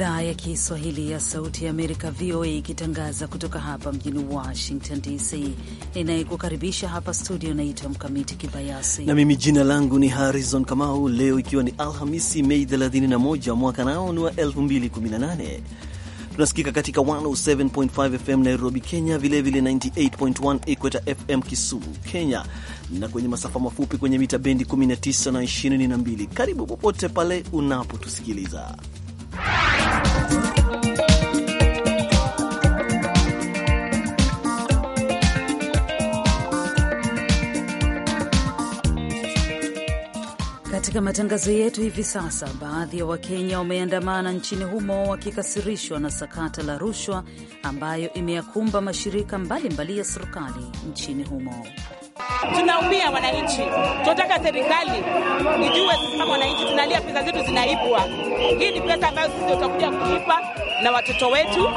idhaa ya Kiswahili ya Sauti ya Amerika, VOA, ikitangaza kutoka hapa mjini Washington DC. Ninayekukaribisha hapa studio naitwa Mkamiti Kibayasi na mimi jina langu ni Harrison Kamau. Leo ikiwa ni Alhamisi, Mei 31 mwaka nao ni wa 2018 tunasikika katika 107.5 FM Nairobi, Kenya, vilevile 98.1 Equator FM Kisumu, Kenya, na kwenye masafa mafupi kwenye mita bendi 19 na 22. Karibu popote pale unapotusikiliza katika matangazo yetu hivi sasa, baadhi ya Wakenya wameandamana nchini humo wakikasirishwa na sakata la rushwa ambayo imeyakumba mashirika mbalimbali mbali ya serikali nchini humo. Tunaumia wananchi, tunataka serikali ijue sisi kama wananchi tunalia, pesa zetu zinaibwa. Hii ni pesa ambayo sisi tutakuja kulipa na watoto wetu.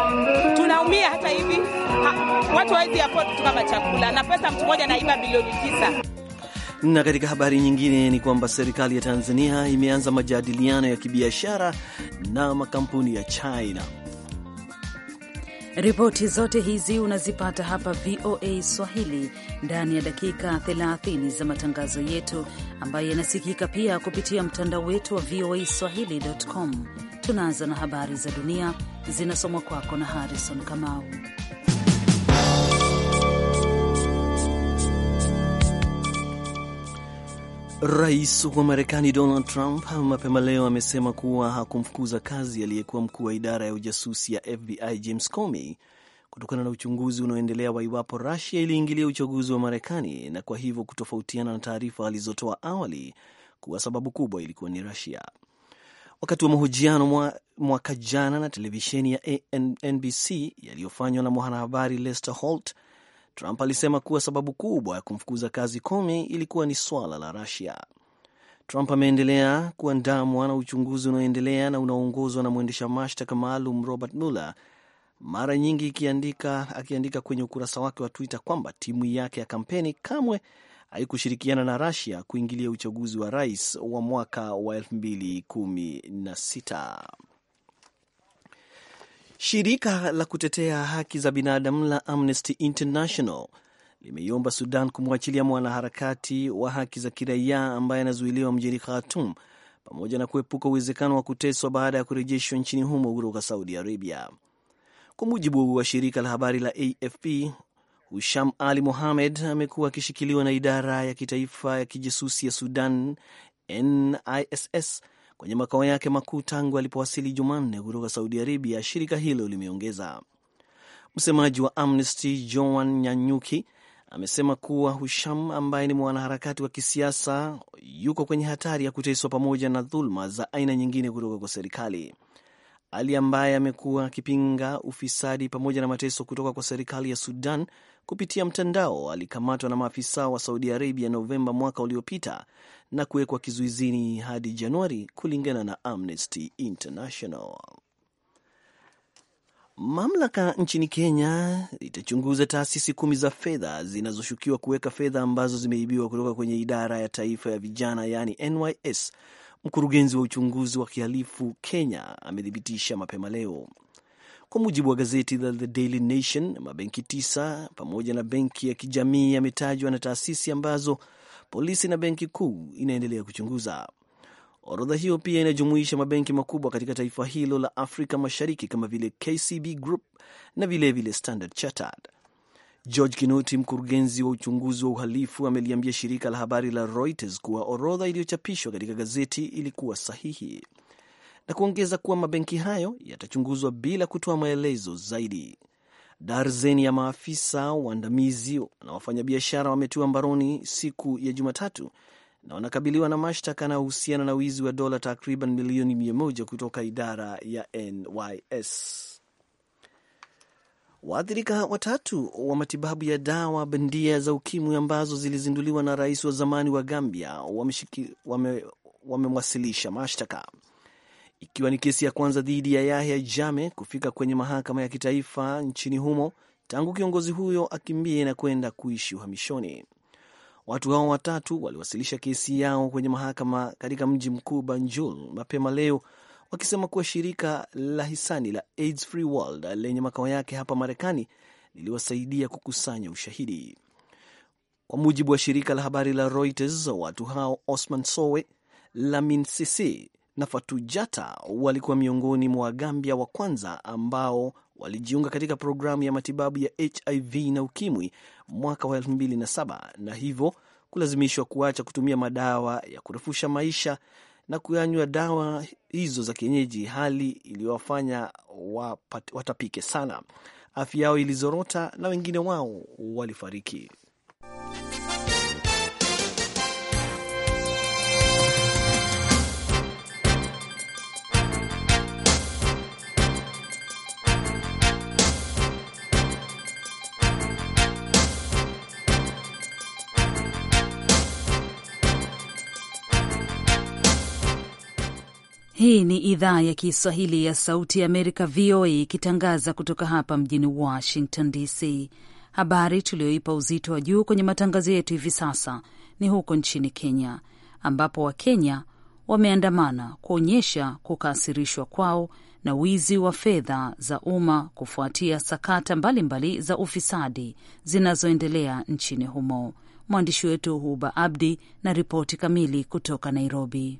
Tunaumia hata hivi ha, watu hawezi afford kitu kama chakula, na pesa mtu mmoja anaiba bilioni tisa. Na katika habari nyingine ni kwamba serikali ya Tanzania imeanza majadiliano ya kibiashara na makampuni ya China Ripoti zote hizi unazipata hapa VOA Swahili ndani ya dakika 30 za matangazo yetu ambayo yanasikika pia kupitia mtandao wetu wa VOA Swahili.com. Tunaanza na habari za dunia zinasomwa kwako na Harrison Kamau. Rais wa Marekani Donald Trump mapema leo amesema kuwa hakumfukuza kazi aliyekuwa mkuu wa idara ya ujasusi ya FBI James Comey kutokana na uchunguzi unaoendelea wa iwapo Russia iliingilia uchaguzi wa Marekani na kwa hivyo kutofautiana na taarifa alizotoa awali kuwa sababu kubwa ilikuwa ni Russia. Wakati wa mahojiano mwaka jana na televisheni ya NBC yaliyofanywa na mwanahabari Lester Holt Trump alisema kuwa sababu kubwa ya kumfukuza kazi Comey ilikuwa ni swala la Rusia. Trump ameendelea kuandamwa na uchunguzi unaoendelea na unaoongozwa na mwendesha mashtaka maalum Robert Mueller, mara nyingi ikiandika, akiandika kwenye ukurasa wake wa Twitter kwamba timu yake ya kampeni kamwe haikushirikiana na Rusia kuingilia uchaguzi wa rais wa mwaka wa 216 Shirika la kutetea haki za binadamu la Amnesty International limeiomba Sudan kumwachilia mwanaharakati wa haki za kiraia ambaye anazuiliwa mjini Khartoum pamoja na kuepuka uwezekano wa kuteswa baada ya kurejeshwa nchini humo kutoka Saudi Arabia. Kwa mujibu wa shirika la habari la AFP, Husham Ali Mohamed amekuwa akishikiliwa na idara ya kitaifa ya kijasusi ya Sudan NISS kwenye makao yake makuu tangu alipowasili Jumanne kutoka Saudi Arabia, shirika hilo limeongeza. Msemaji wa Amnesty Joan Nyanyuki amesema kuwa Husham ambaye ni mwanaharakati wa kisiasa yuko kwenye hatari ya kuteswa pamoja na dhuluma za aina nyingine kutoka kwa serikali. Ali ambaye amekuwa akipinga ufisadi pamoja na mateso kutoka kwa serikali ya Sudan kupitia mtandao alikamatwa na maafisa wa Saudi Arabia Novemba mwaka uliopita na kuwekwa kizuizini hadi Januari, kulingana na Amnesty International. Mamlaka nchini Kenya itachunguza taasisi kumi za fedha zinazoshukiwa kuweka fedha ambazo zimeibiwa kutoka kwenye idara ya taifa ya vijana, yaani NYS. Mkurugenzi wa uchunguzi wa kihalifu Kenya amethibitisha mapema leo kwa mujibu wa gazeti la The Daily Nation, mabenki tisa pamoja na benki ya kijamii yametajwa na taasisi ambazo polisi na benki kuu inaendelea kuchunguza. Orodha hiyo pia inajumuisha mabenki makubwa katika taifa hilo la Afrika Mashariki kama vile KCB Group na vilevile vile Standard Chartered. George Kinoti, mkurugenzi wa uchunguzi wa uhalifu, ameliambia shirika la habari la Reuters kuwa orodha iliyochapishwa katika gazeti ilikuwa sahihi na kuongeza kuwa mabenki hayo yatachunguzwa bila kutoa maelezo zaidi. Darzeni ya maafisa waandamizi na wafanyabiashara wametiwa mbaroni siku ya Jumatatu na wanakabiliwa na mashtaka yanayohusiana na wizi wa dola takriban milioni mia moja kutoka idara ya NYS. Waathirika watatu wa matibabu ya dawa bandia za ukimwi ambazo zilizinduliwa na rais wa zamani wa Gambia wamewasilisha wame mashtaka ikiwa ni kesi ya kwanza dhidi ya Yahya jame kufika kwenye mahakama ya kitaifa nchini humo tangu kiongozi huyo akimbie na kwenda kuishi uhamishoni. Watu hao watatu waliwasilisha kesi yao kwenye mahakama katika mji mkuu Banjul mapema leo wakisema kuwa shirika la hisani la AIDS Free World lenye makao yake hapa Marekani liliwasaidia kukusanya ushahidi. Kwa mujibu wa shirika la habari la Reuters, watu hao Osman Sowe, Lamin Sisi na Fatujata walikuwa miongoni mwa Wagambia wa kwanza ambao walijiunga katika programu ya matibabu ya HIV na ukimwi mwaka wa 2007 na hivyo kulazimishwa kuacha kutumia madawa ya kurefusha maisha na kuyanywa dawa hizo za kienyeji, hali iliyowafanya watapike sana. Afya yao ilizorota na wengine wao walifariki. Hii ni idhaa ya Kiswahili ya Sauti ya Amerika, VOA, ikitangaza kutoka hapa mjini Washington DC. Habari tuliyoipa uzito wa juu kwenye matangazo yetu hivi sasa ni huko nchini Kenya, ambapo Wakenya wameandamana kuonyesha kukasirishwa kwao na wizi wa fedha za umma kufuatia sakata mbalimbali mbali za ufisadi zinazoendelea nchini humo. Mwandishi wetu Huba Abdi na ripoti kamili kutoka Nairobi.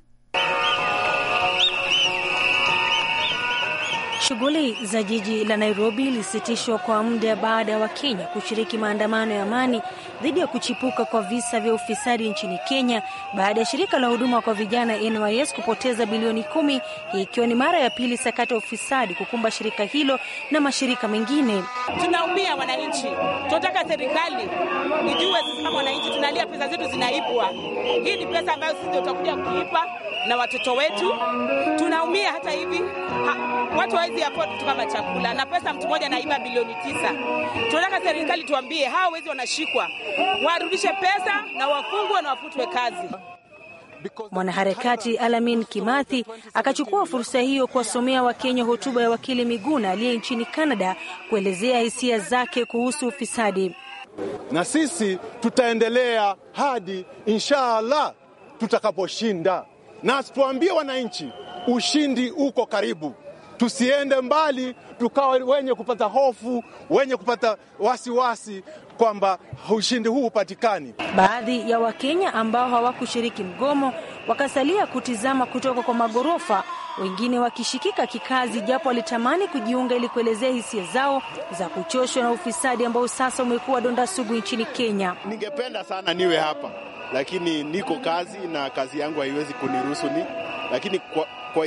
Shughuli za jiji la Nairobi ilisitishwa kwa muda baada ya Wakenya kushiriki maandamano ya amani dhidi ya kuchipuka kwa visa vya ufisadi nchini Kenya baada ya shirika la huduma kwa vijana NYS kupoteza bilioni kumi, ikiwa ni mara ya pili sakata ya ufisadi kukumba shirika hilo na mashirika mengine. Tunaumia wananchi, tunataka serikali ijue sisi kama wananchi tunalia, pesa zetu zinaibwa. Hii ni pesa ambayo sisi tutakuja kuipa na watoto wetu. Tunaumia hata hivi ha, watu hawezi afford kitu kama chakula, na pesa mtu mmoja anaiba bilioni tisa. Tunataka serikali tuambie hawa wezi wanashikwa, warudishe pesa na wafungwe na wafutwe kazi. Mwanaharakati Alamin Kimathi akachukua fursa hiyo kuwasomea Wakenya hotuba ya wakili Miguna aliye nchini Canada kuelezea hisia zake kuhusu ufisadi. Na sisi tutaendelea hadi inshallah tutakaposhinda na tuwaambie wananchi ushindi uko karibu. Tusiende mbali tukawa wenye kupata hofu, wenye kupata wasiwasi kwamba ushindi huu hupatikani. Baadhi ya Wakenya ambao hawakushiriki mgomo wakasalia kutizama kutoka kwa maghorofa, wengine wakishikika kikazi, japo walitamani kujiunga ili kuelezea hisia zao za kuchoshwa na ufisadi ambao sasa umekuwa donda sugu nchini Kenya. Ningependa sana niwe hapa lakini niko kazi na kazi yangu haiwezi kuniruhusu ni, lakini kwa, kwa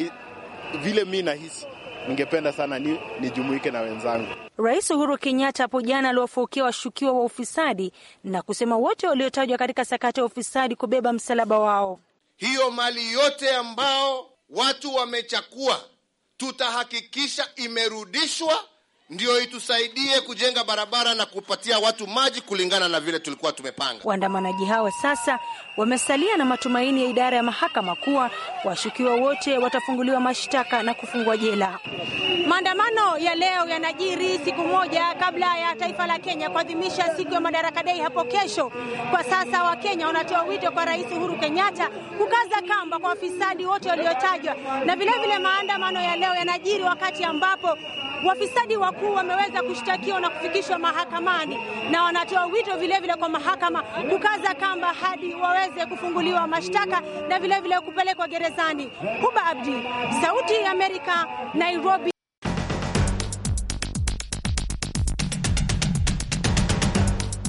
vile mi nahisi ningependa sana ni, nijumuike na wenzangu. Rais Uhuru Kenyatta hapo jana aliwafukia washukiwa wa ufisadi na kusema wote waliotajwa katika sakata ya ufisadi kubeba msalaba wao. Hiyo mali yote ambao watu wamechakua tutahakikisha imerudishwa ndio itusaidie kujenga barabara na kupatia watu maji kulingana na vile tulikuwa tumepanga. Waandamanaji hawa sasa wamesalia na matumaini ya idara ya mahakama kuwa washukiwa wote watafunguliwa mashtaka na kufungwa jela. Maandamano ya leo yanajiri siku moja kabla ya taifa la Kenya kuadhimisha siku ya Madaraka Day hapo kesho. Kwa sasa Wakenya wanatoa wito kwa Rais Uhuru Kenyatta kukaza kamba kwa wafisadi wote waliotajwa, na vilevile maandamano ya leo yanajiri wakati ambapo wafisadi wakuu wameweza kushtakiwa na kufikishwa mahakamani, na wanatoa wito vilevile kwa mahakama kukaza kamba hadi waweze kufunguliwa mashtaka na vilevile kupelekwa gerezani. Huba Abdi, Sauti ya Amerika, Nairobi.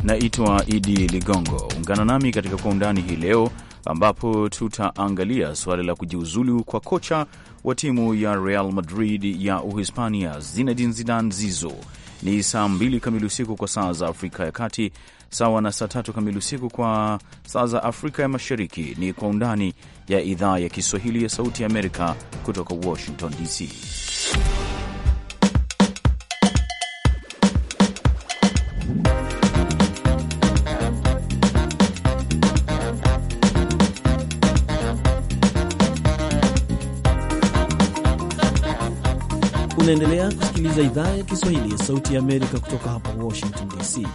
Naitwa Idi Ligongo. Ungana nami katika Kwa Undani hii leo, ambapo tutaangalia suala la kujiuzulu kwa kocha wa timu ya Real Madrid ya Uhispania, Zinedine Zidane Zizo. Ni saa mbili kamili usiku kwa saa za Afrika ya Kati, sawa na saa tatu kamili usiku kwa saa za Afrika ya Mashariki. Ni Kwa Undani ya idhaa ya Kiswahili ya Sauti ya Amerika kutoka Washington DC. Unaendelea kusikiliza idhaa ya Kiswahili ya Sauti ya Amerika kutoka hapa Washington DC.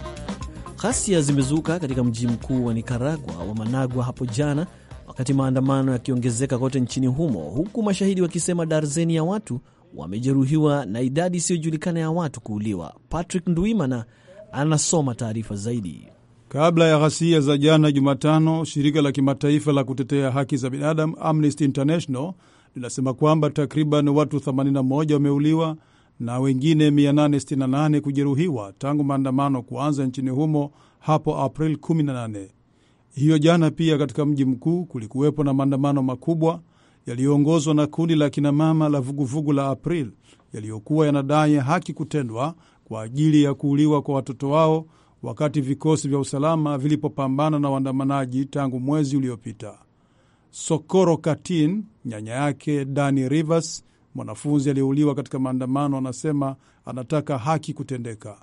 Ghasia zimezuka katika mji mkuu wa Nikaragua wa Managua hapo jana, wakati maandamano yakiongezeka kote nchini humo, huku mashahidi wakisema darzeni ya watu wamejeruhiwa na idadi isiyojulikana ya watu kuuliwa. Patrick Ndwimana anasoma taarifa zaidi. Kabla ya ghasia za jana Jumatano, shirika la kimataifa la kutetea haki za binadamu Amnesty International linasema kwamba takriban watu 81 wameuliwa na wengine 868 kujeruhiwa tangu maandamano kuanza nchini humo hapo April 18. Hiyo jana pia katika mji mkuu kulikuwepo na maandamano makubwa yaliyoongozwa na kundi la kinamama la vuguvugu la April yaliyokuwa yanadai haki kutendwa kwa ajili ya kuuliwa kwa watoto wao wakati vikosi vya usalama vilipopambana na waandamanaji tangu mwezi uliopita. Sokoro Katin, nyanya yake Dani Rivers, mwanafunzi aliyeuliwa katika maandamano, anasema anataka haki kutendeka.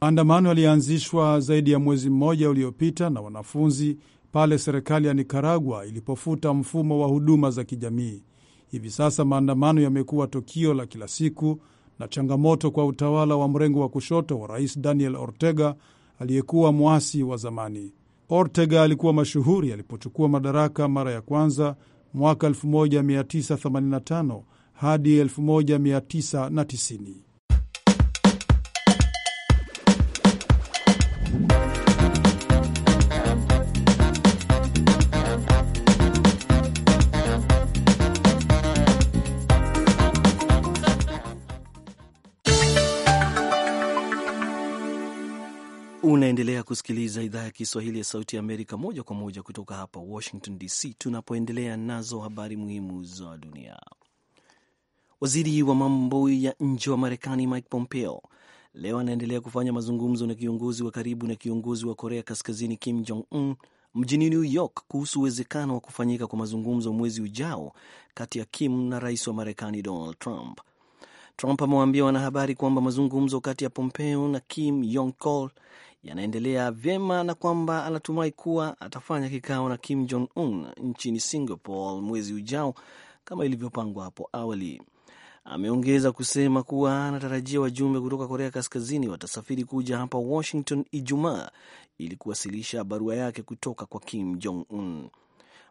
Maandamano yalianzishwa zaidi ya mwezi mmoja uliopita na wanafunzi pale serikali ya Nikaragua ilipofuta mfumo wa huduma za kijamii. Hivi sasa maandamano yamekuwa tukio la kila siku na changamoto kwa utawala wa mrengo wa kushoto wa Rais Daniel Ortega aliyekuwa mwasi wa zamani. Ortega alikuwa mashuhuri alipochukua madaraka mara ya kwanza mwaka 1985 hadi 1990. kusikiliza idhaa ya Kiswahili ya Sauti ya Amerika moja kwa moja kutoka hapa Washington DC, tunapoendelea nazo habari muhimu za dunia. Waziri wa mambo ya nje wa Marekani Mike Pompeo leo anaendelea kufanya mazungumzo na kiongozi wa karibu na kiongozi wa Korea Kaskazini Kim Jong Un mjini New York kuhusu uwezekano wa kufanyika kwa mazungumzo mwezi ujao kati ya Kim na rais wa Marekani Donald Trump. Trump amewaambia wanahabari kwamba mazungumzo kati ya Pompeo na Kim Yong Kol yanaendelea vyema na kwamba anatumai kuwa atafanya kikao na Kim Jong Un nchini Singapore mwezi ujao kama ilivyopangwa hapo awali. Ameongeza kusema kuwa anatarajia wajumbe kutoka Korea Kaskazini watasafiri kuja hapa Washington Ijumaa ili kuwasilisha barua yake kutoka kwa Kim Jong Un.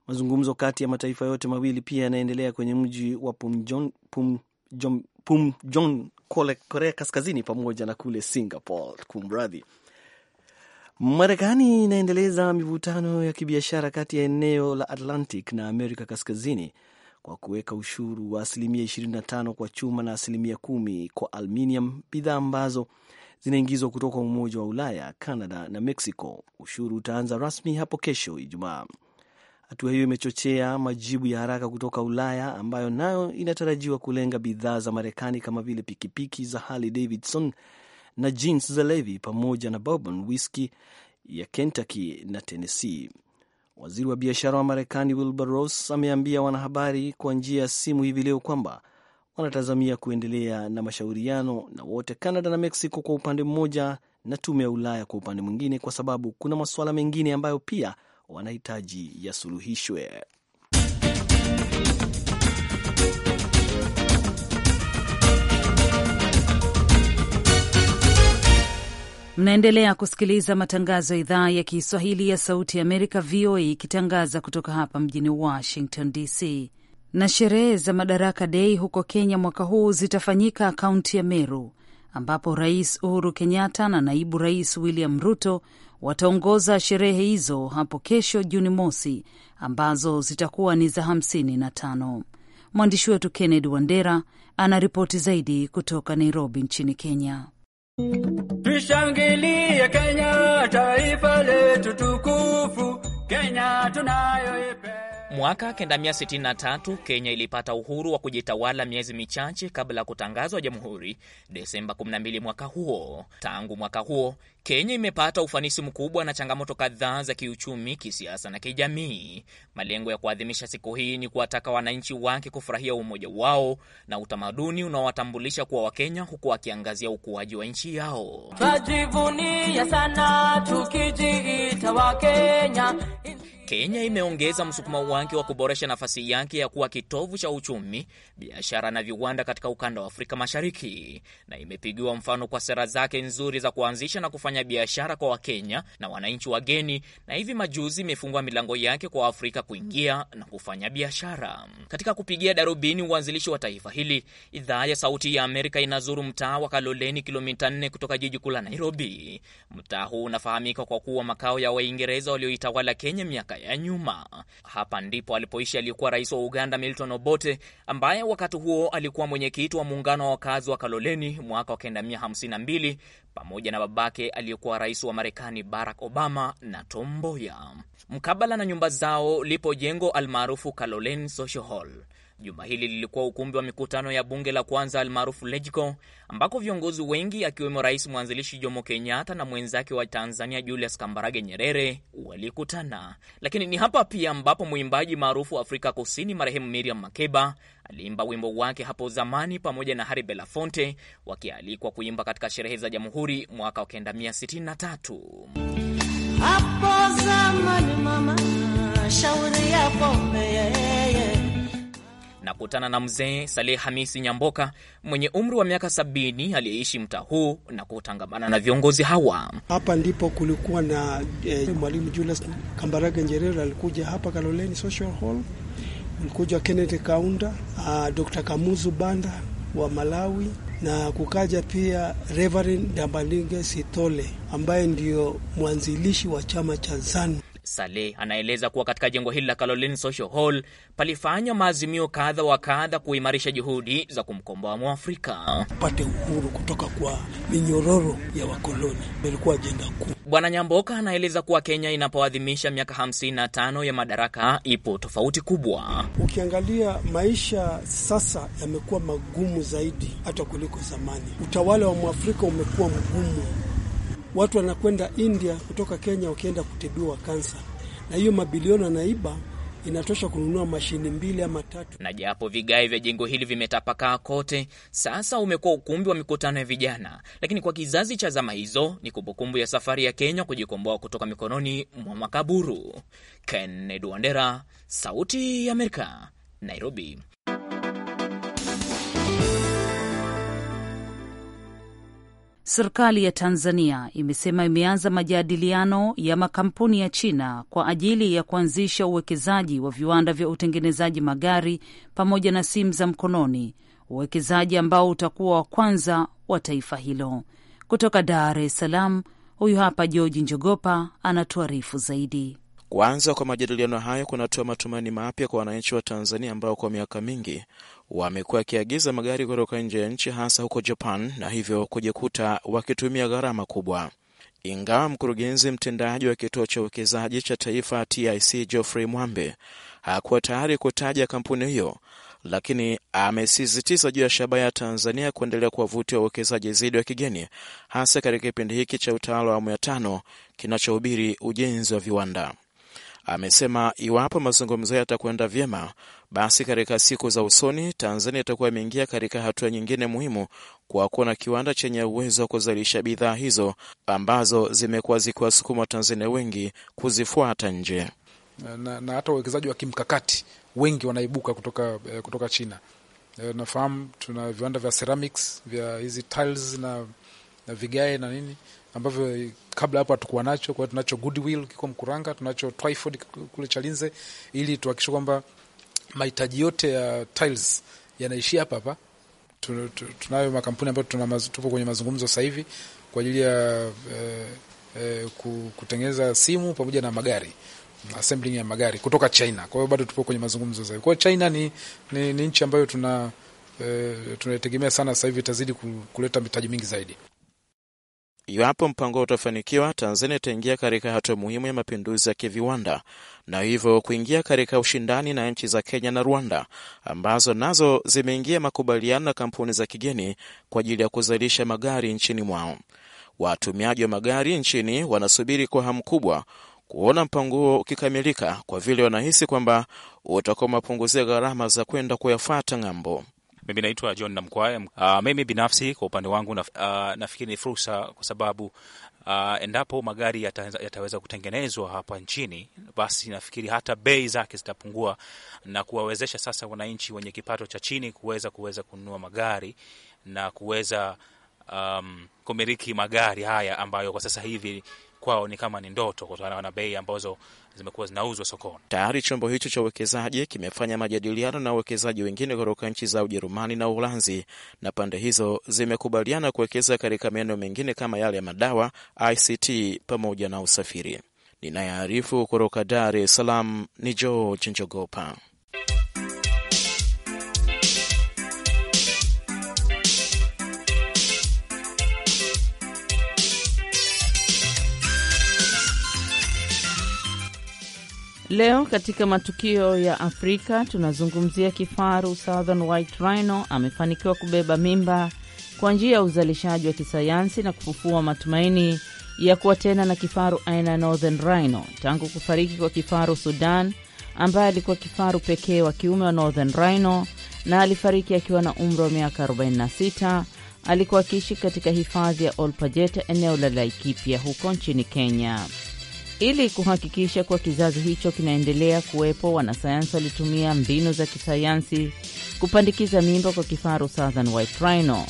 Mazungumzo kati ya mataifa yote mawili pia yanaendelea kwenye mji wa Pumjon, Pum, Pumjon Korea Kaskazini pamoja na kule Singapore. Kumradhi. Marekani inaendeleza mivutano ya kibiashara kati ya eneo la Atlantic na Amerika Kaskazini kwa kuweka ushuru wa asilimia 25 kwa chuma na asilimia kumi kwa aluminium, bidhaa ambazo zinaingizwa kutoka Umoja wa Ulaya, Canada na Mexico. Ushuru utaanza rasmi hapo kesho Ijumaa. Hatua hiyo imechochea majibu ya haraka kutoka Ulaya, ambayo nayo inatarajiwa kulenga bidhaa za Marekani kama vile pikipiki za Harley Davidson na jeans za Levi pamoja na bourbon whisky ya Kentucky na Tennessee. Waziri wa biashara wa Marekani Wilbur Ross ameambia wanahabari kwa njia ya simu hivi leo kwamba wanatazamia kuendelea na mashauriano na wote Canada na Mexico kwa upande mmoja na tume ya Ulaya kwa upande mwingine, kwa sababu kuna masuala mengine ambayo pia wanahitaji yasuluhishwe. Mnaendelea kusikiliza matangazo ya idhaa ya Kiswahili ya Sauti ya Amerika, VOA, ikitangaza kutoka hapa mjini Washington DC. Na sherehe za Madaraka Dei huko Kenya mwaka huu zitafanyika kaunti ya Meru, ambapo Rais Uhuru Kenyatta na naibu rais William Ruto wataongoza sherehe hizo hapo kesho Juni mosi, ambazo zitakuwa ni za hamsini na tano. Mwandishi wetu Kennedy Wandera ana ripoti zaidi kutoka Nairobi nchini Kenya. Tushangilie Kenya, taifa letu tukufu, Kenya tunayoipenda. Mwaka 1963 Kenya ilipata uhuru wa kujitawala miezi michache kabla ya kutangazwa jamhuri Desemba 12 mwaka huo. Tangu mwaka huo, Kenya imepata ufanisi mkubwa na changamoto kadhaa za kiuchumi, kisiasa na kijamii. Malengo ya kuadhimisha siku hii ni kuwataka wananchi wake kufurahia umoja wao na utamaduni unaowatambulisha kuwa Wakenya, huku wakiangazia ukuaji wa nchi yao. sana tukijiita Wakenya. Kenya imeongeza msukumo wake wa kuboresha nafasi yake ya kuwa kitovu cha uchumi, biashara na viwanda katika ukanda wa Afrika Mashariki, na imepigiwa mfano kwa sera zake nzuri za kuanzisha na kufanya biashara kwa Wakenya na wananchi wageni, na hivi majuzi imefungua milango yake kwa Afrika kuingia na kufanya biashara. Katika kupigia darubini uanzilishi wa taifa hili, idhaa ya Sauti ya Amerika inazuru mtaa wa Kaloleni, kilomita 4 kutoka jiji kuu la Nairobi. Mtaa huu unafahamika kwa kuwa makao ya Waingereza walioitawala Kenya miaka ya nyuma. Hapa ndipo alipoishi aliyekuwa rais wa Uganda Milton Obote, ambaye wakati huo alikuwa mwenyekiti wa muungano wa wakazi wa Kaloleni mwaka wa 1952 pamoja na babake aliyekuwa rais wa Marekani Barack Obama na Tom Mboya. Mkabala na nyumba zao lipo jengo almaarufu Kaloleni Social Hall. Juma hili lilikuwa ukumbi wa mikutano ya bunge la kwanza almaarufu LegCo, ambako viongozi wengi akiwemo Rais mwanzilishi Jomo Kenyatta na mwenzake wa Tanzania Julius Kambarage Nyerere walikutana. Lakini ni hapa pia ambapo mwimbaji maarufu Afrika Kusini marehemu Miriam Makeba aliimba wimbo wake hapo zamani pamoja na Harry Belafonte wakialikwa kuimba katika sherehe za Jamhuri mwaka wa Hapo zamani mama, shauri ya pombe nakutana na mzee Saleh Hamisi Nyamboka mwenye umri wa miaka sabini aliyeishi mtaa huu na kutangamana na viongozi hawa. Hapa ndipo kulikuwa na eh, Mwalimu Julius Kambarage njerere alikuja hapa Kaloleni Social Hall, alikuja Kennedy Kaunda, uh, ah, Dr. Kamuzu Banda wa Malawi na kukaja pia Reverend Dambalinge Sitole ambaye ndio mwanzilishi wa chama cha ZANU. Saleh anaeleza kuwa katika jengo hili la Caroline Social Hall palifanywa maazimio kadha wa kadha kuimarisha juhudi za kumkomboa Mwafrika pate uhuru kutoka kwa minyororo ya wakoloni, ilikuwa ajenda kuu. Bwana Nyamboka anaeleza kuwa Kenya inapoadhimisha miaka 55 ya madaraka ipo tofauti kubwa. Ukiangalia maisha sasa yamekuwa magumu zaidi hata kuliko zamani. Utawala wa Mwafrika umekuwa mgumu watu wanakwenda India kutoka Kenya wakienda kutibiwa kansa, na hiyo mabilioni anaiba inatosha kununua mashini mbili ama tatu. Na japo vigae vya jengo hili vimetapakaa kote, sasa umekuwa ukumbi wa mikutano ya vijana, lakini kwa kizazi cha zama hizo ni kumbukumbu ya safari ya Kenya kujikomboa kutoka mikononi mwa makaburu. Kennedy Wandera, Sauti ya Amerika, Nairobi. Serikali ya Tanzania imesema imeanza majadiliano ya makampuni ya China kwa ajili ya kuanzisha uwekezaji wa viwanda vya utengenezaji magari pamoja na simu za mkononi, uwekezaji ambao utakuwa wa kwanza wa taifa hilo. Kutoka Dar es Salaam, huyu hapa George Njogopa anatuarifu zaidi. Kuanza kwa majadiliano hayo kunatoa matumaini mapya kwa wananchi wa Tanzania ambao kwa miaka mingi wamekuwa wakiagiza magari kutoka nje ya nchi, hasa huko Japan, na hivyo kujikuta wakitumia gharama kubwa. Ingawa mkurugenzi mtendaji wa kituo cha uwekezaji cha taifa TIC Geoffrey Mwambe hakuwa tayari kutaja kampuni hiyo, lakini amesisitiza juu ya shabaha ya Tanzania kuendelea kuwavutia wawekezaji zaidi wa kigeni, hasa katika kipindi hiki cha utawala wa awamu ya tano kinachohubiri ujenzi wa viwanda amesema iwapo mazungumzo yatakwenda vyema, basi katika siku za usoni Tanzania itakuwa imeingia katika hatua nyingine muhimu kwa kuwa na kiwanda chenye uwezo wa kuzalisha bidhaa hizo ambazo zimekuwa zikiwasukuma Watanzania wengi kuzifuata nje na, na, hata uwekezaji wa kimkakati wengi wanaibuka kutoka, eh, kutoka China. E, nafahamu tuna viwanda vya ceramics vya hizi tiles na, na vigae na nini ambavyo kabla hapo hatukuwa nacho. Kwa hiyo tunacho Goodwill kiko Mkuranga, tunacho Twyford kule Chalinze, ili tuhakikishe kwamba mahitaji yote ya tiles yanaishia hapa hapa. Tunayo makampuni ambayo tupo kwenye mazungumzo sasa hivi kwa ajili ya eh, eh, kutengeneza simu pamoja na magari assembling ya magari kutoka China. Kwa hiyo bado tupo kwenye mazungumzo sasa hivi. Kwa hiyo China ni, ni, ni nchi ambayo tuna eh, tunaitegemea sana sasa hivi, itazidi kuleta mitaji mingi zaidi. Iwapo mpango huo utafanikiwa, Tanzania itaingia katika hatua muhimu ya mapinduzi ya kiviwanda na hivyo kuingia katika ushindani na nchi za Kenya na Rwanda ambazo nazo zimeingia makubaliano na kampuni za kigeni kwa ajili ya kuzalisha magari nchini mwao. Watumiaji wa magari nchini wanasubiri kwa hamu kubwa kuona mpango huo ukikamilika, kwa vile wanahisi kwamba utakuwa mapunguzia gharama za kwenda kuyafuata ng'ambo. Mimi naitwa John Namkwaya. Uh, mimi binafsi kwa upande wangu naf uh, nafikiri ni fursa kwa sababu uh, endapo magari yata yataweza kutengenezwa hapa nchini, basi nafikiri hata bei zake zitapungua na kuwawezesha sasa wananchi wenye kipato cha chini kuweza kuweza kununua magari na kuweza um, kumiliki magari haya ambayo kwa sasa hivi kwao ni kama ni ndoto kutokana na bei ambazo zimekuwa zinauzwa sokoni. Tayari chombo hicho cha uwekezaji kimefanya majadiliano na wawekezaji wengine kutoka nchi za Ujerumani na Uholanzi, na pande hizo zimekubaliana kuwekeza katika maeneo mengine kama yale ya madawa, ICT pamoja na usafiri. Ninayearifu kutoka Dar es Salaam ni George Njogopa. Leo katika matukio ya Afrika tunazungumzia kifaru Southern White Rhino amefanikiwa kubeba mimba kwa njia ya uzalishaji wa kisayansi na kufufua matumaini ya kuwa tena na kifaru aina ya Northern Rhino tangu kufariki kwa kifaru Sudan ambaye alikuwa kifaru pekee wa kiume wa Northern Rhino na alifariki akiwa na umri wa miaka 46. Alikuwa akiishi katika hifadhi ya Olpajeta eneo la Laikipia huko nchini Kenya. Ili kuhakikisha kuwa kizazi hicho kinaendelea kuwepo, wanasayansi walitumia mbinu za kisayansi kupandikiza mimba kwa kifaru Southern White Rhino.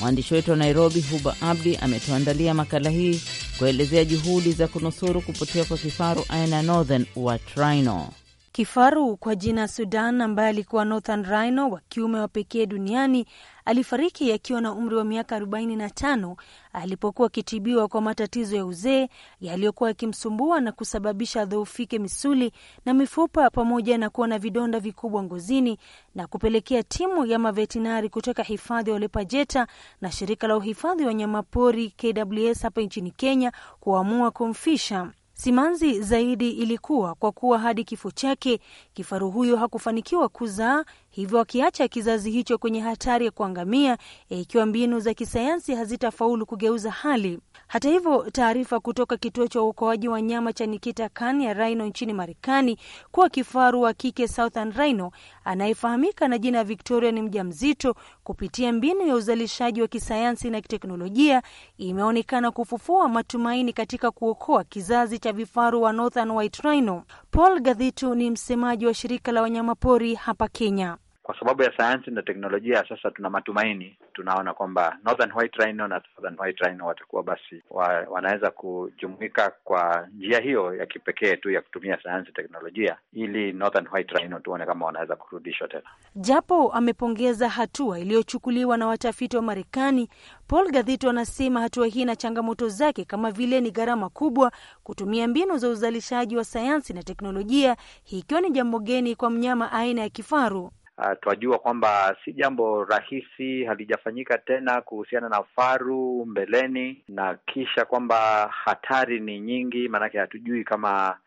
Mwandishi wetu wa Nairobi, Huba Abdi, ametuandalia makala hii kuelezea juhudi za kunusuru kupotea kwa kifaru aina Northern White Rhino. Kifaru kwa jina Sudan, ambaye alikuwa Northern Rhino wa kiume wa pekee duniani alifariki akiwa na umri wa miaka 45 alipokuwa akitibiwa kwa matatizo ya uzee yaliyokuwa yakimsumbua na kusababisha dhoofike misuli na mifupa pamoja na kuwa na vidonda vikubwa ngozini na kupelekea timu ya mavetinari kutoka hifadhi ya Olepajeta na shirika la uhifadhi wa wanyamapori KWS hapa nchini Kenya kuamua kumfisha. Simanzi zaidi ilikuwa kwa kuwa hadi kifo chake kifaru huyo hakufanikiwa kuzaa, hivyo akiacha kizazi hicho kwenye hatari ya kuangamia eh, ikiwa mbinu za kisayansi hazitafaulu kugeuza hali. Hata hivyo, taarifa kutoka kituo cha uokoaji wa nyama cha Nikita kan ya Rhino nchini Marekani kuwa kifaru wa kike Southern Rhino anayefahamika na jina ya Victoria ni mja mzito kupitia mbinu ya uzalishaji wa kisayansi na kiteknolojia, imeonekana kufufua matumaini katika kuokoa kizazi cha vifaru wa Northern White Rhino. Paul gathitu ni msemaji wa shirika la wanyamapori hapa Kenya kwa sababu ya sayansi na teknolojia sasa, tuna matumaini, tunaona kwamba Northern White Rhino na Southern White Rhino watakuwa basi wa, wanaweza kujumuika kwa njia hiyo ya kipekee tu ya kutumia sayansi teknolojia, ili Northern White Rhino tuone kama wanaweza kurudishwa tena. Japo amepongeza hatua iliyochukuliwa na watafiti wa Marekani, Paul Gadhito anasema hatua hii na changamoto zake kama vile ni gharama kubwa, kutumia mbinu za uzalishaji wa sayansi na teknolojia, hii ikiwa ni jambo geni kwa mnyama aina ya kifaru. Uh, twajua kwamba si jambo rahisi, halijafanyika tena kuhusiana na faru mbeleni, na kisha kwamba hatari ni nyingi, maanake hatujui kama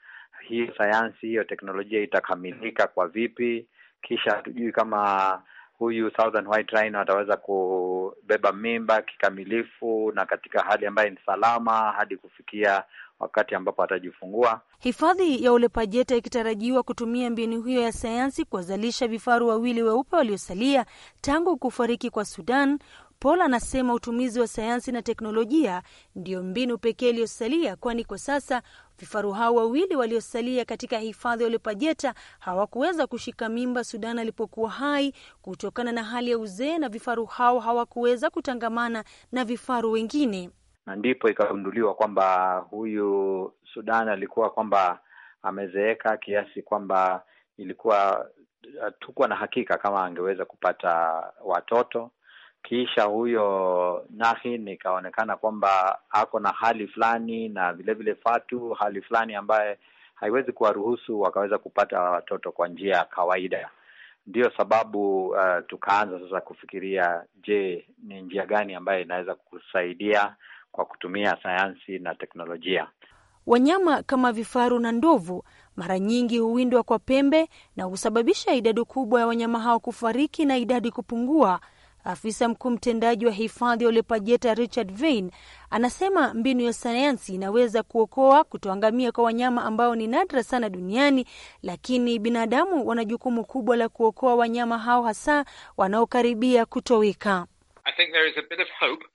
hiyo sayansi hiyo teknolojia itakamilika kwa vipi, kisha hatujui kama huyu Southern White Rhino ataweza kubeba mimba kikamilifu na katika hali ambayo ni salama hadi kufikia wakati ambapo atajifungua. Hifadhi ya Olepajeta ikitarajiwa kutumia mbinu hiyo ya sayansi kuwazalisha vifaru wawili weupe waliosalia tangu kufariki kwa Sudan. Paul anasema utumizi wa sayansi na teknolojia ndiyo mbinu pekee iliyosalia, kwani kwa sasa vifaru hao wawili waliosalia katika hifadhi ya Olepajeta hawakuweza kushika mimba Sudan alipokuwa hai kutokana na hali ya uzee, na vifaru hao hawakuweza kutangamana na vifaru wengine na ndipo ikagunduliwa kwamba huyu Sudan alikuwa kwamba amezeeka kiasi kwamba ilikuwa tukwa na hakika kama angeweza kupata watoto. Kisha huyo Nahin ikaonekana kwamba ako na hali fulani na vilevile vile Fatu hali fulani ambaye haiwezi kuwaruhusu wakaweza kupata watoto kwa njia ya kawaida. Ndiyo sababu uh, tukaanza sasa kufikiria, je, ni njia gani ambayo inaweza kusaidia kwa kutumia sayansi na teknolojia. Wanyama kama vifaru na ndovu mara nyingi huwindwa kwa pembe na husababisha idadi kubwa ya wanyama hao kufariki na idadi kupungua. Afisa mkuu mtendaji wa hifadhi ya Olepajeta Richard Vein anasema mbinu ya sayansi inaweza kuokoa kutoangamia kwa wanyama ambao ni nadra sana duniani, lakini binadamu wana jukumu kubwa la kuokoa wanyama hao, hasa wanaokaribia kutoweka. I think there is a bit of hope.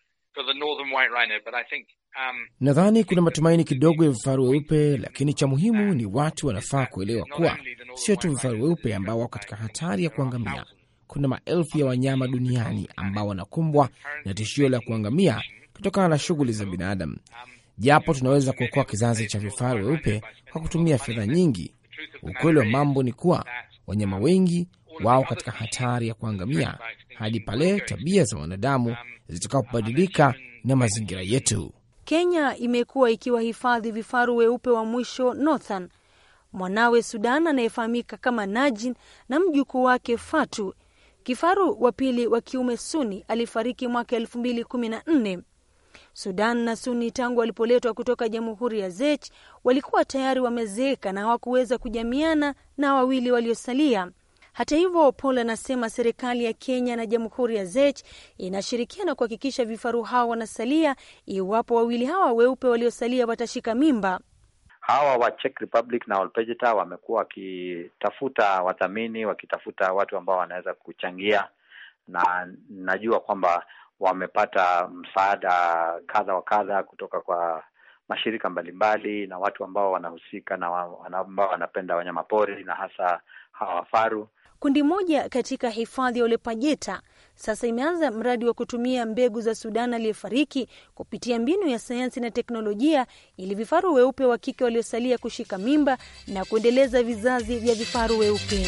Um, nadhani kuna matumaini kidogo ya vifaru weupe, lakini cha muhimu ni watu wanafaa kuelewa kuwa sio tu vifaru weupe ambao wako katika hatari ya kuangamia. Kuna maelfu ya wanyama duniani ambao wanakumbwa na tishio la kuangamia kutokana na shughuli za binadamu. Um, Japo tunaweza kuokoa kizazi cha vifaru weupe kwa kutumia fedha nyingi, ukweli wa mambo ni kuwa wanyama um, wengi wao katika hatari ya kuangamia hadi pale tabia za wanadamu zitakapobadilika na mazingira yetu. Kenya imekuwa ikiwahifadhi vifaru weupe wa mwisho Northern, mwanawe Sudan anayefahamika kama Najin na mjukuu wake Fatu. Kifaru wa pili wa kiume Suni alifariki mwaka elfu mbili kumi na nne. Sudan na Suni tangu walipoletwa kutoka jamhuri ya Zech walikuwa tayari wamezeeka na hawakuweza kujamiana na wawili waliosalia. Hata hivyo, Paul anasema serikali ya Kenya na jamhuri ya Czech inashirikiana kuhakikisha vifaru hao wanasalia, iwapo wawili hawa weupe waliosalia watashika mimba. Hawa wa Czech Republic na Wolpedia wamekuwa wakitafuta wathamini, wakitafuta watu ambao wanaweza kuchangia, na najua kwamba wamepata msaada kadha wa kadha kutoka kwa mashirika mbalimbali na watu ambao wanahusika na ambao wanapenda wanyamapori na hasa hawa faru. Kundi moja katika hifadhi ya Olepajeta sasa imeanza mradi wa kutumia mbegu za Sudan aliyefariki kupitia mbinu ya sayansi na teknolojia ili vifaru weupe wa kike waliosalia kushika mimba na kuendeleza vizazi vya vifaru weupe.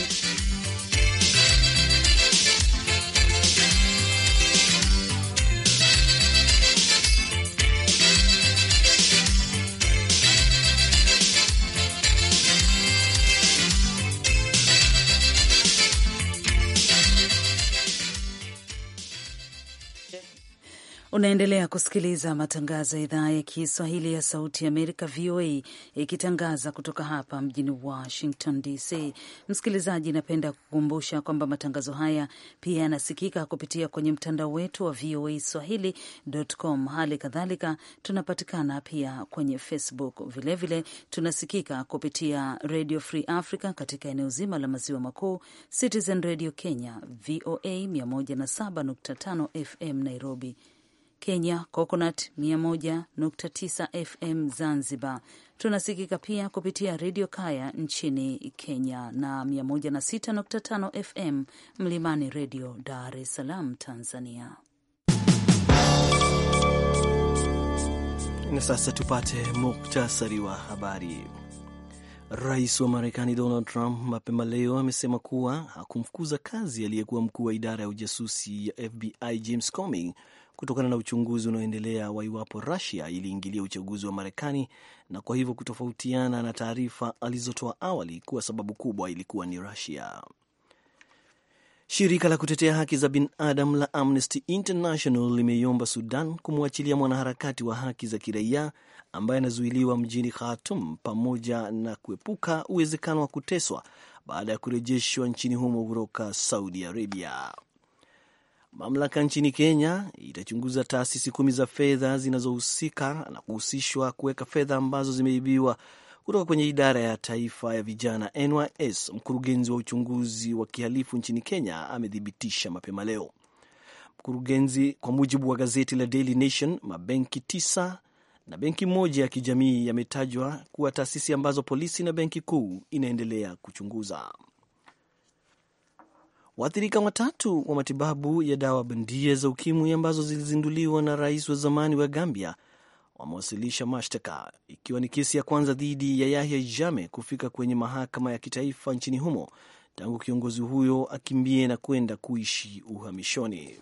Unaendelea kusikiliza matangazo ya idhaa ya Kiswahili ya Sauti ya Amerika, VOA, ikitangaza kutoka hapa mjini Washington DC. Msikilizaji, napenda kukumbusha kwamba matangazo haya pia yanasikika kupitia kwenye mtandao wetu wa VOA Swahili.com. Hali kadhalika tunapatikana pia kwenye Facebook. Vilevile tunasikika kupitia Radio Free Africa katika eneo zima la maziwa makuu, Citizen Radio Kenya, VOA 107.5 FM Nairobi, Kenya Coconut 101.9 FM Zanzibar. Tunasikika pia kupitia redio Kaya nchini Kenya na 106.5 FM Mlimani Redio Dar es Salaam, Tanzania. Na sasa tupate muktasari wa habari. Rais wa Marekani Donald Trump mapema leo amesema kuwa hakumfukuza kazi aliyekuwa mkuu wa idara ya ujasusi ya FBI James Comey kutokana na uchunguzi unaoendelea wa iwapo Rusia iliingilia uchaguzi wa Marekani na kwa hivyo kutofautiana na taarifa alizotoa awali kuwa sababu kubwa ilikuwa ni Rusia. Shirika la kutetea haki za binadamu la Amnesty International limeiomba Sudan kumwachilia mwanaharakati wa haki za kiraia ambaye anazuiliwa mjini Khartoum pamoja na kuepuka uwezekano wa kuteswa baada ya kurejeshwa nchini humo kutoka Saudi Arabia. Mamlaka nchini Kenya itachunguza taasisi kumi za fedha zinazohusika na kuhusishwa kuweka fedha ambazo zimeibiwa kutoka kwenye idara ya taifa ya vijana NYS. Mkurugenzi wa uchunguzi wa kihalifu nchini Kenya amethibitisha mapema leo mkurugenzi. Kwa mujibu wa gazeti la Daily Nation, mabenki tisa na benki moja ya kijamii yametajwa kuwa taasisi ambazo polisi na benki kuu inaendelea kuchunguza. Waathirika watatu wa matibabu ya dawa bandia za ukimwi ambazo zilizinduliwa na rais wa zamani wa Gambia wamewasilisha mashtaka, ikiwa ni kesi ya kwanza dhidi ya Yahya jame kufika kwenye mahakama ya kitaifa nchini humo tangu kiongozi huyo akimbie na kwenda kuishi uhamishoni.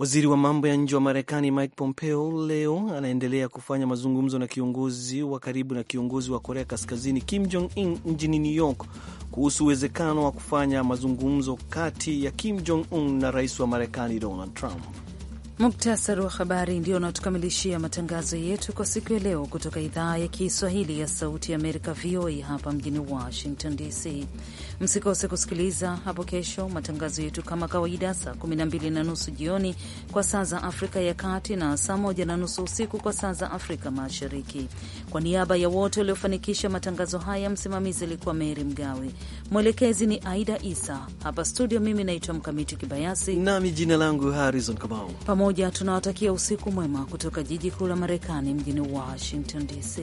Waziri wa mambo ya nje wa Marekani Mike Pompeo leo anaendelea kufanya mazungumzo na kiongozi wa karibu na kiongozi wa Korea Kaskazini Kim Jong Un mjini New York kuhusu uwezekano wa kufanya mazungumzo kati ya Kim Jong Un na rais wa Marekani Donald Trump. Muktasari wa habari ndio unatukamilishia matangazo yetu kwa siku ya leo kutoka idhaa ya Kiswahili ya Sauti ya Amerika, VOA hapa mjini Washington DC. Msikose kusikiliza hapo kesho matangazo yetu kama kawaida, saa 12 na nusu jioni kwa saa za Afrika ya Kati na saa 1 na nusu usiku kwa saa za Afrika Mashariki. Kwa niaba ya wote waliofanikisha matangazo haya, msimamizi alikuwa Meri Mgawe, mwelekezi ni Aida Isa. Hapa studio, mimi naitwa Mkamiti Kibayasi nami jina langu Harrison Kamau. Pamoja tunawatakia usiku mwema kutoka jiji kuu la Marekani, mjini Washington DC.